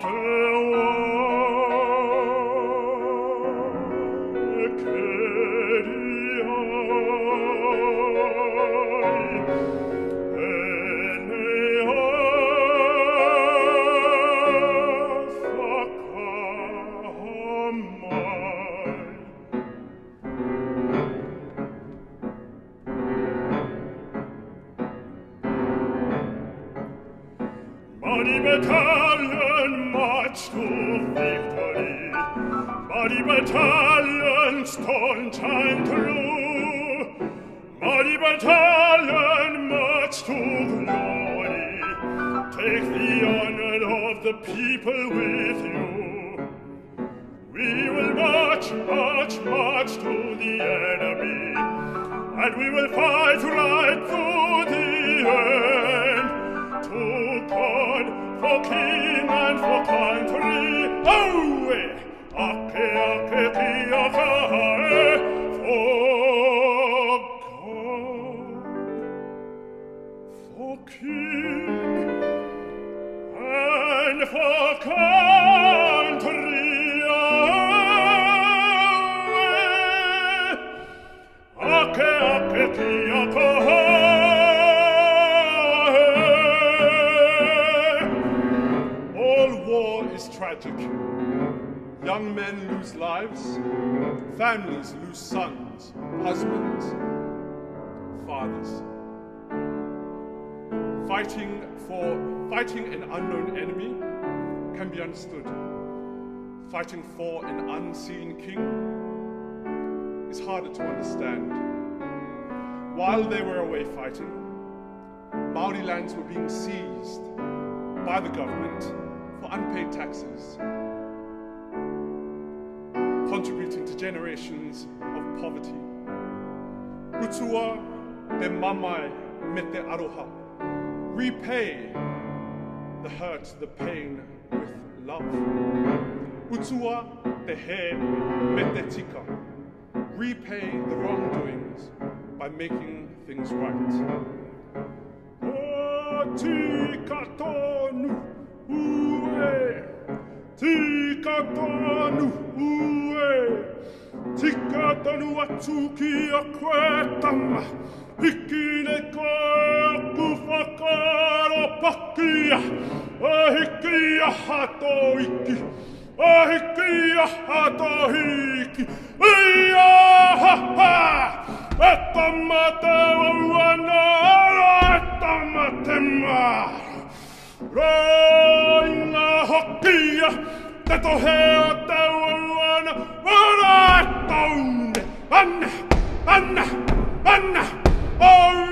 这。Battalion march to victory. Mighty battalion stone time true! Mighty battalion march to glory. Take the honor of the people with you. We will march, march, march to the enemy. And we will fight right to the end. to God, for king and for country. Aue! Ake, ake, ti, ake, for God, for king and for country. is tragic. Young men lose lives, families lose sons, husbands, fathers. Fighting for fighting an unknown enemy can be understood. Fighting for an unseen king is harder to understand. While they were away fighting, Maori lands were being seized by the government for unpaid taxes, contributing to generations of poverty. Utuwa te mamai mete aroha. Repay the hurt, the pain with love. Utua te he me te tika. Repay the wrongdoings by making things right. Tea. tonu ue Tika tonu atu ki a koe tama Hiki ne koe aku whakaro pakia A hiki a hato iki A hiki a hato hiki Ia ha ha E tama te wawana ara e tama te mara Rai ngā hakia hakia on, on, on, on,